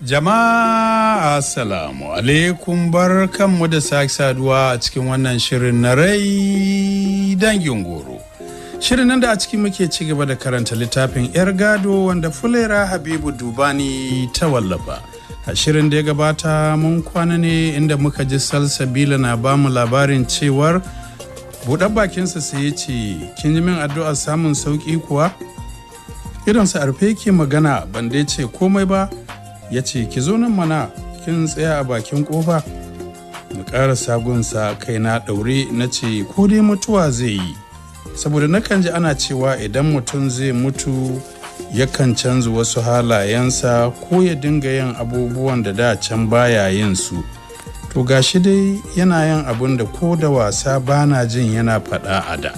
Jama'a Assalamu alaikum bar kanmu da sake saduwa a cikin wannan shirin na rai dangin goro. Shirin nan da a ciki muke ci gaba da karanta littafin 'yar gado wanda Fulera Habibu Dubani ta wallafa. A shirin da ya gabata mun kwana ne inda muka ji Salsabila na ba mu labarin cewar buɗar bakinsa sai ya ce, "Kin ji min addu'a samun sauƙi kuwa?" Irinsa arfe ke magana ban dai ce komai ba, ya ce ki zo nan mana kin tsaya a bakin kofa na ƙara sagunsa kai na ɗaure na ce ko dai mutuwa zai yi saboda nakan ji ana cewa idan mutum zai mutu yakan canza wasu halayensa ko ya dinga yin abubuwan da da can baya yin su to gashi dai yana yin abin da ko da wasa bana jin yana faɗa a da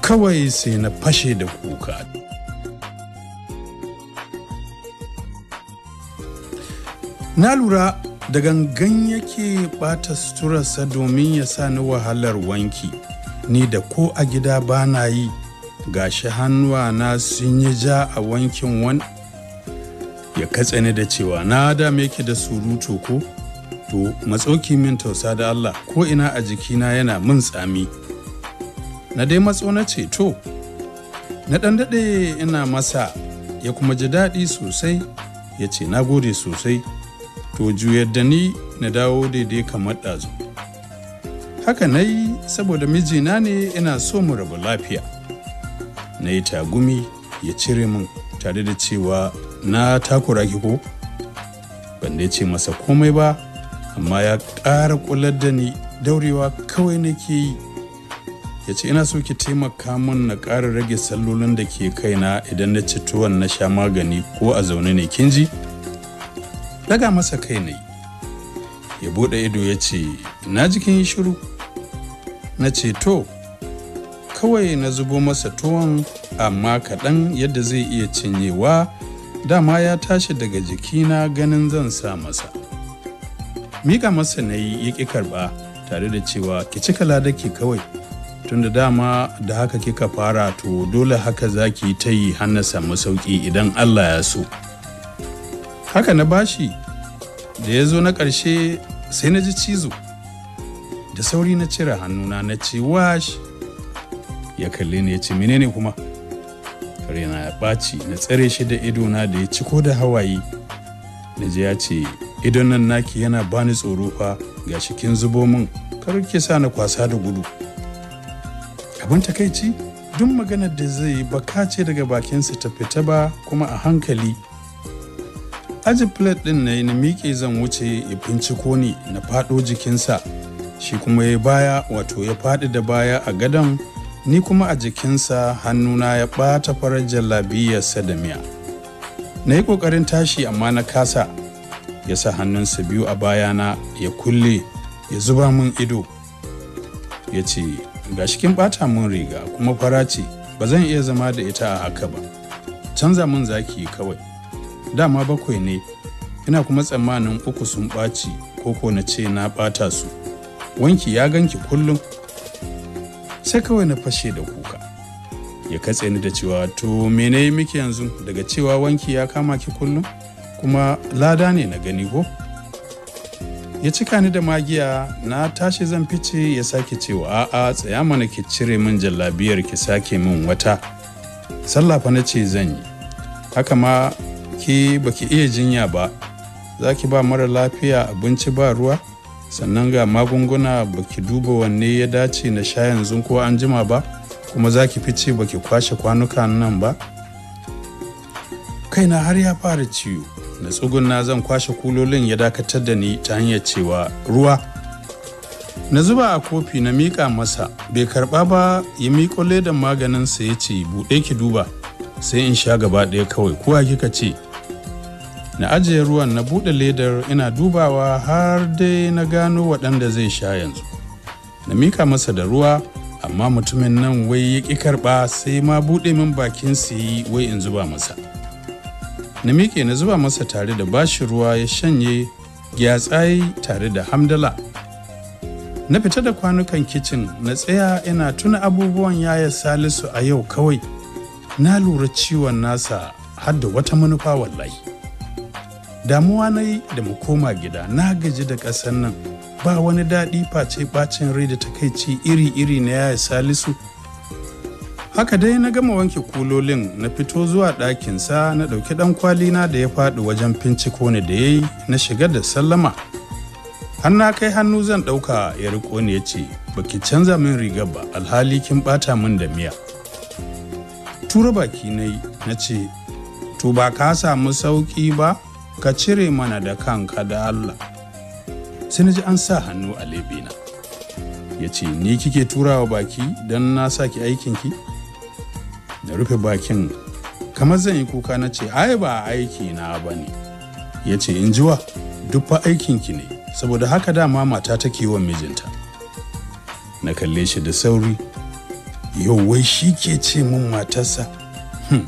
kawai sai na fashe da kuka na lura da gangan yake bata suturarsa domin ya sa ni wahalar wanki ni da ko a gida bana na yi shi hannuwa na sun yi ja a wankin wani ya katse ni da cewa na dama yake da surutu ko to matsauki min tausa da Allah ko ina a jikina yana min tsami na dai matso na ce to na ɗan daɗe ina masa ya kuma ji daɗi sosai ya ce na gode sosai to juyar da ni na dawo daidai kamar ɗazu haka na yi saboda mijina ne ina so mu rabu lafiya na yi tagumi ya cire min tare da cewa na takura ki ko ban dai ce masa komai ba amma ya ƙara ƙular da ni daurewa kawai nake yi ya ce ina so ki taimaka min na ƙara rage sallolin da ke kaina idan na ci tuwon na sha magani ko a zaune ne kin ji daga masa kai ne ya buɗe ido ya ce na jikin shiru na ce to kawai na zubo masa tuwon amma kaɗan yadda zai iya cinyewa dama ya tashi daga jikina ganin zan sa masa mika masa na yi ya ƙi karɓa tare da cewa ki cika ladaki kawai tunda dama da haka kika fara to dole haka za ki ta yi hannasa masauki idan allah ya so haka na bashi da ya zo na ƙarshe sai na ji cizo da sauri na cire hannuna na ce wash ya kalli ni ya ce menene kuma raina ya ɓaci na tsare shi da idona da ya ci ko da hawaye na ji ya ce idon nan naki yana bani tsoro fa ga kin zubo min kar ki sa na kwasa da gudu abin takaici duk maganar da zai baka ce daga bakinsa ta fita ba kuma a hankali aji plate ɗin na na miƙe zan wuce ya binciko ni na faɗo jikinsa shi kuma ya baya wato ya faɗi da baya a gadon ni kuma a jikinsa hannuna ya ɓata farar jallabiyarsa da miya na yi ƙoƙarin tashi amma na kasa ya sa hannunsa biyu a bayana ya kulle ya zuba min ido ya ce ga shikin ɓata min riga kuma fara ce ba zan iya zama da ita a haka ba canza min zaki kawai dama bakwai ne ina kuma tsammanin uku sun ɓaci ko ko na ce na ɓata su wanki ya ganki kullum sai kawai na fashe da kuka ya katse ni da cewa to mene miki yanzu daga cewa wanki ya kama ki kullum kuma lada ne na gani ko ya cika ni da magiya na tashi zan fice ya sake cewa a'a tsaya mana ki cire min jallabiyar ki sake min wata sallah fa na ce zan yi haka ma ke baki iya jinya ba za ki ba mara lafiya abinci ba ruwa sannan ga magunguna baki duba wanne ya dace na sha yanzu ko an jima ba kuma za ki fice baki kwashe kwanuka nan ba kaina har ya fara ciwo na na zan kwashe kulolin ya dakatar da ni ta hanyar cewa ruwa na zuba a kofi na miƙa masa bai karɓa ba ya miƙo ledan maganinsa ya ce buɗe ki duba sai in sha gaba ɗaya kawai kuwa kika ce na ajiye ruwan na buɗe ledar ina dubawa har dai na gano waɗanda zai sha yanzu na mika masa da ruwa amma mutumin nan wai ya ƙi karɓa sai ma buɗe min bakin siyi wai in zuba masa na miƙe na zuba masa tare da bashi ruwa ya shanye gyatsayi tare da hamdala na fita da kwanukan kicin na tsaya ina tuna abubuwan yaya salisu a yau kawai na lura ciwon nasa har wata manufa wallahi damuwa na yi da mu koma gida na gaji da ƙasar nan ba wani daɗi face ɓacin rai da takaici iri-iri na yaya salisu haka dai na gama wanke kulolin na fito zuwa ɗakinsa na ɗauki ɗan kwalina da ya faɗi wajen finciko ne da ya yi na shiga da sallama har kai hannu zan ɗauka ya riko ne ya ce baki canza min riga ba alhali kin ɓata min da miya tura baki na yi na ce to ba ka samu sauƙi ba ka cire mana da kanka da Allah. Sai na ji an sa hannu a lebina. Ya ce, Ni kike turawa baki don na sake aikinki? Na rufe bakin, kamar zan yi kuka na ce, Ai ba aiki na ba ne. Ya ce, In jiwa, duk fa aikinki ne, saboda haka dama mata ta wa mijinta. Na kalle shi da sauri, yau wai shi ke ce mun matarsa, hmm,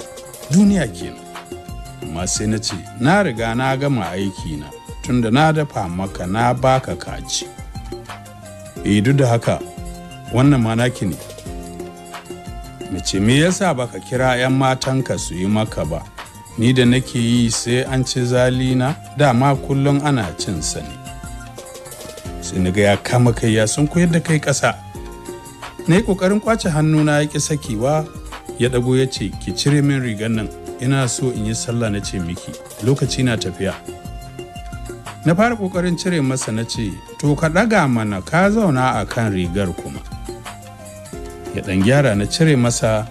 duniya kenan. amma sai na ce na riga na gama aiki na tunda na dafa maka na baka kaci eh duk da haka wannan ma ne mace me yasa baka kira 'yan matan ka su yi maka ba ni da nake yi sai an ci zalina dama kullum ana cin sa ne sai na ga ya kama kai ya sun koyar da kai ƙasa na yi ƙoƙarin kwace hannuna ya ƙi sakewa ya ɗago ya ce ki cire min rigan nan ina so in yi sallah na ce miki lokaci na tafiya na fara kokarin cire masa na ce to ka ɗaga mana ka zauna a kan rigar kuma ya ɗan gyara na cire masa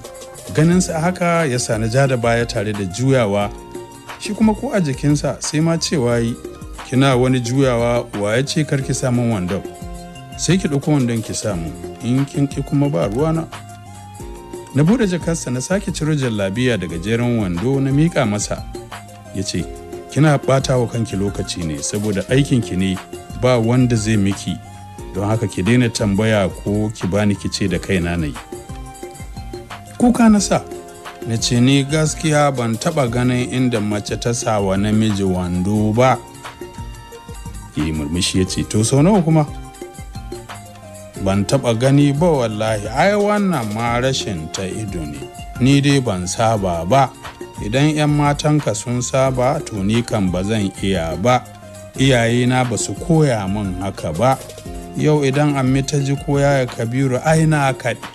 ganinsa haka ya sa na ja da baya tare da juyawa shi kuma ko a jikinsa sai ma cewa yi kina wani juyawa wa ya ce karki samun wandon sai ki ɗauko wandon ki samu in kin ki kuma ba ruwana na bude jakarsa na sake ciro jallabiya daga jeren wando na mika masa ya ce kina ɓata wa kanki lokaci ne saboda aikinki ne ba wanda zai miki don haka ki daina tambaya ko ki bani ki ce da kaina na yi kuka na sa na ce ni gaskiya ban taɓa ganin inda mace ta sawa namiji wando ba yi murmushi ya ce to sau nawa kuma ban taɓa gani ba wallahi ai wannan ma rashin ta ido ne ni dai ban saba ba idan 'yan matanka sun saba to ni kan ba zan iya ba iyayena ba su koya min haka ba yau idan ammi ta ji koya ya kabiru ai na kaɗi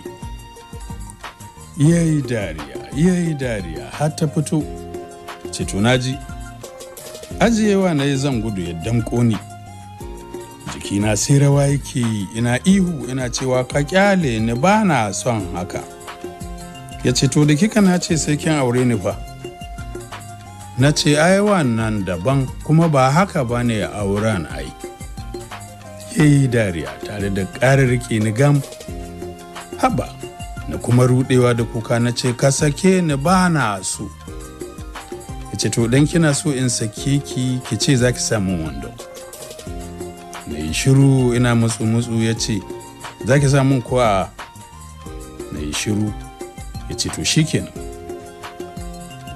yayi dariya yayi dariya har ta fito ce ji ajiyewa na yi zan gudu ya damƙo ni Ina sai rawa yake yi ina ihu ina cewa ka kyale ni ba na son haka ya ce to da kika na ce sai kin aure ni fa na ce ai wannan daban kuma ba haka ba ne auren ai ya yi dariya tare da ƙarar ni gam haba na kuma rudewa da kuka na ce ka sake ni ba na so ya ce to dan kina so in sake ki ki ce za ki samu wando yi shiru ina mutsu mutsu ya ce za ki samun ko a na yi shiru ya ce to kenan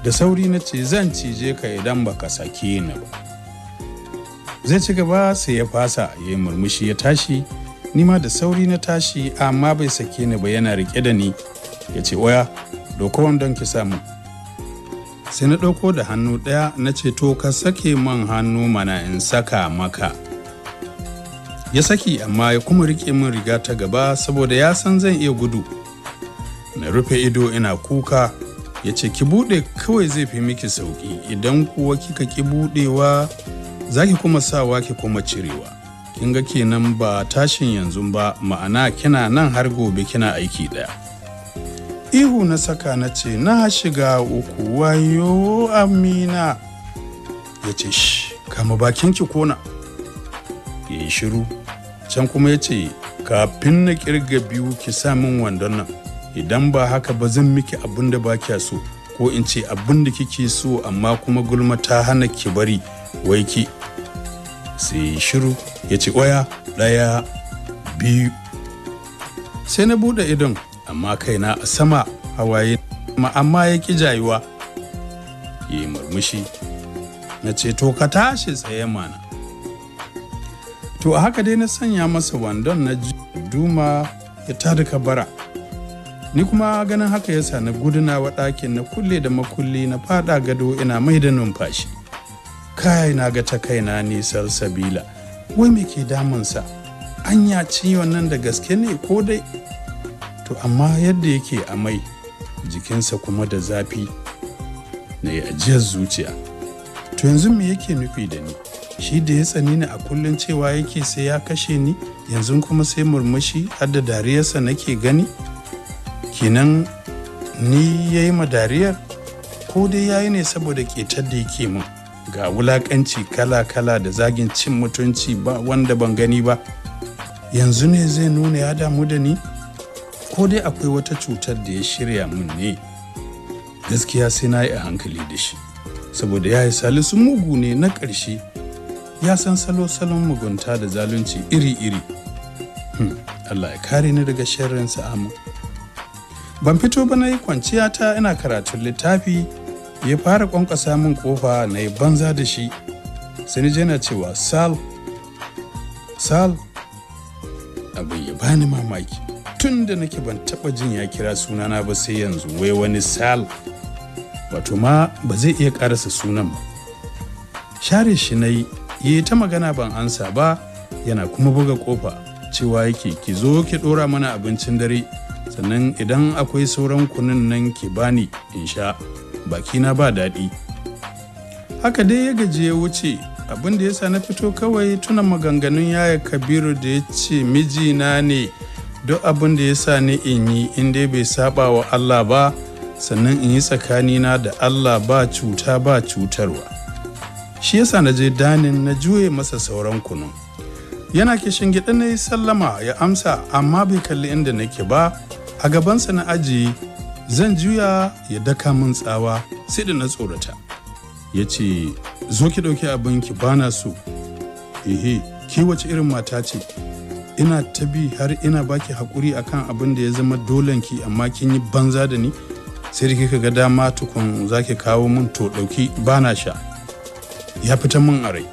da sauri na ce zan cije ka idan ba ka sake ni ba zai ci gaba sai ya fasa ya yi murmushi ya tashi nima da sauri na tashi amma bai sake ni ba yana rike da ni ya ce waya doko wandon ki samu sai na ɗauko da hannu ɗaya na ce to ka sake man hannu mana in saka maka ya saki amma ya kuma riƙe min riga ta gaba saboda ya san zan iya gudu na rufe ido ina kuka ya ce ki buɗe kawai zai fi miki sauƙi idan kuwa kika ki buɗewa za ki kuma sawa ki kuma cirewa kin ga kenan ba tashin yanzu ba ma'ana kina nan har gobe kina aiki ɗaya ihu na saka na ce na shiga uku wayo amina ya ce shi kama bakin ki kona yi shiru can kuma ya ce kafin na kirga biyu ki sa min wandon nan idan ba haka ba zan miki abin da ba kya so ko in ce abin da kike so amma kuma gulma ta hana ki bari wai ki sai shiru ya ce oya ɗaya biyu sai na buɗe idon amma kaina a sama hawaye ma amma ya ki jayuwa yi murmushi na ce to ka tashi tsaye mana to a haka dai na sanya masa wandon na duma ya tada kabara ni kuma ganin haka ya sa na gudunawa ɗakin na kulle da makulli na fada gado ina mai da numfashi kai na ga ta kaina nisar sabila wai me ke damunsa anya ci wannan da gaske ne ko dai to amma yadda yake amai jikinsa kuma da zafi na yi ajiyar zuciya to yanzu me yake nufi da ni shi da ya tsani ni a kullum cewa yake sai ya kashe ni yanzu kuma sai murmushi har da dariyarsa nake gani kenan ni ya yi dariyar ko dai ya yi ne saboda ƙetar da yake min ga wulaƙanci kala-kala da zagin cin mutunci ba wanda ban gani ba yanzu ne zai nuna ya damu da ni ko dai akwai wata cutar da ya shirya min ne gaskiya sai na yi a hankali da shi saboda ya yi salisu mugu ne na ƙarshe ya san salo-salon mugunta da zalunci iri-iri hmm, allah ya kare ni daga sharrinsa amin ban fito ba na yi kwanciya ta ina karatun littafi ya fara kwankwasa min kofa na yi banza da shi Sani jana na cewa sal sal abin ya bani mamaki tun da nake ban taba jin ya kira sunana ba sai yanzu wai wani sal wato ma ba zai iya karasa sunan ba share shi na yi ya ta magana ban ansa ba yana kuma buga kofa cewa yake ki zo ki dora mana abincin dare sannan idan akwai sauran kunun nan ki bani in sha bakina ba daɗi haka dai ya gaji ya wuce abin da yasa na fito kawai tuna maganganun yaya kabiru da ya ce mijina ne duk abin da yasa ni in yi in dai bai saba wa allah ba sannan in yi tsakanina da allah ba cuta ba cutarwa shi yasa na je danin na juye masa sauran kunu yana ke gida na yi sallama ya amsa amma bai kalli inda nake ba a gabansa na ajiye zan juya ya daka min tsawa sai da na tsorata ya ce zo ki ɗauki abinki ba na so ehe ki wace irin mata ce ina ta bi har ina baki haƙuri akan abin da ya zama ki amma kin yi banza da ni sai da kika ga dama tukun zaki kawo mun to ɗauki bana sha ya fita min a rai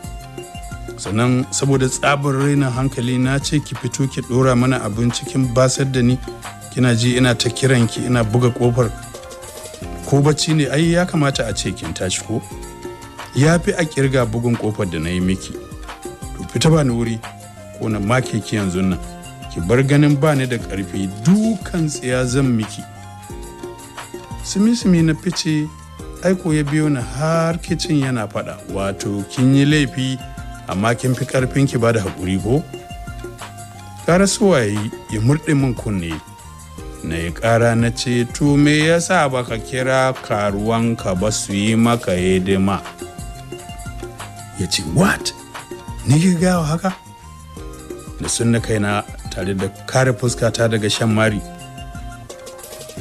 sannan saboda tsabar rainin hankali na ce ki fito ki dora mana abin cikin basar da ni kina ji ina ta kiran ki ina buga kofar ko bacci ne ai ya kamata a ce kin tashi ko ya fi a kirga bugun kofar da na yi miki to fita ba ni wuri ko na make ki yanzu nan ki bar ganin ba ni da karfi dukan tsiya zan miki simi-simi na fice aiko ya biyo ni har kicin yana faɗa wato kin yi laifi amma kin fi karfin ki ba da haƙuri ko ƙara suwaye ya murɗe min kunne na yi ƙara na ce to me yasa baka kira karuwanka ba su yi maka hidima ya ce what ni ki gawa haka da sunna kaina tare da kare fuskata daga shan mari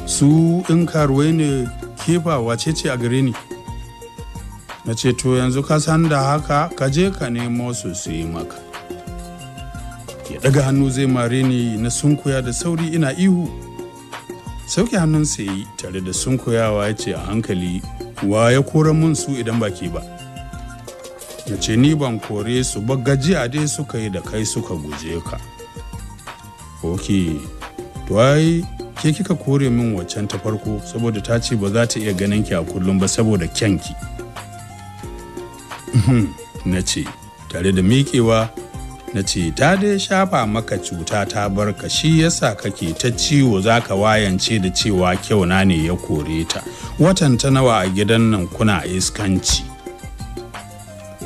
su in karuwai ne kifa wace ce a gare ni na ce to yanzu ka san da haka ka je ka nemo su yi maka ya daga hannu zai mare ni na sunkuya da sauri ina ihu sauke hannun sa yi tare da sunkuyawa ya ce a hankali wa ya kora mun su idan ba ke ba na ce ni ban kore su ba gajiya dai suka yi da kai suka guje ka ok to ke kika kore min waccan ta farko saboda ta ce ba za ta iya ganin ki a kullum ba saboda kyanki uhm, na ce tare da miƙewa na ce ta dai shafa maka cuta ta bar ka shi yasa kake ta ciwo za ka wayance da cewa kyauna ne ya kore ta watan ta nawa a gidan nan kuna iskanci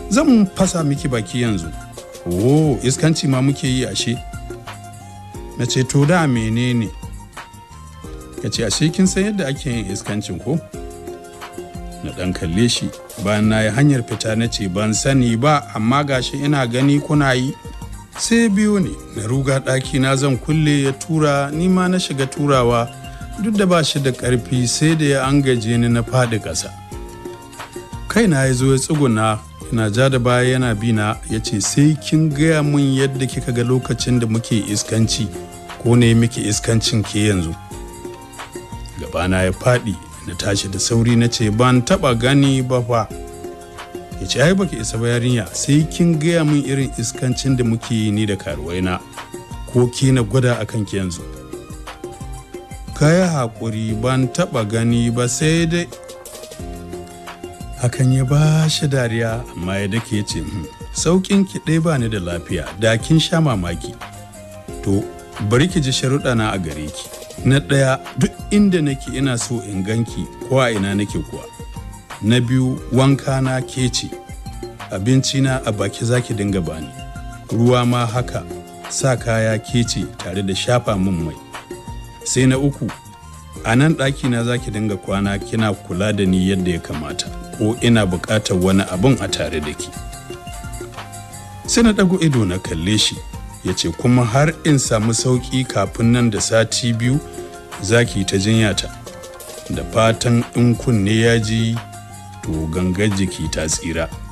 zan fasa miki baki yanzu oh iskanci ma muke yi ashe na ce to da menene ya ce a kin san yadda ake yin iskancin ko na ɗan kalle shi bayan na yi hanyar fita na ce ban sani ba amma gashi ina gani kuna yi sai biyu ne na ruga ɗaki na zan kulle ya tura ni ma na shiga turawa duk da ba shi da ƙarfi sai da ya an gaje ni na faɗi ƙasa na ya zo ya tsuguna yana ja da baya yana bi na, ya ce sai kin gaya min yadda kika ga lokacin da muke iskanci ko ne muke iskancin ke yanzu gabana ya faɗi na tashi da sauri na ce ban taɓa gani ba fa ya ce ai baki isa ba yarinya sai kin gaya min irin iskancin da muke yi ni da karuwaina ko ke na gwada a ki yanzu yi haƙuri ban taɓa gani ba sai dai hakan ya ba shi dariya amma ya dake ya ce hmm, saukin ki ɗaya ba ni da lafiya da kin sha mamaki to bari ki ji sharuɗa na a gare ki na ɗaya duk inda nake ina so in ganki ko a ina nake kuwa na biyu wanka na ke ce abinci na a baki zaki dinga bani ruwa ma haka sa kaya ke ce tare da shafa min mai sai na uku a nan ɗakina za ki dinga kwana kina kula da ni yadda ya kamata ko ina buƙatar wani abun a tare da ki sai na ɗago ido na kalle shi ya ce kuma har in samu sauƙi kafin nan da sati biyu za ki ta jinya ta, da fatan in kunne ya ji to gangar jiki ta tsira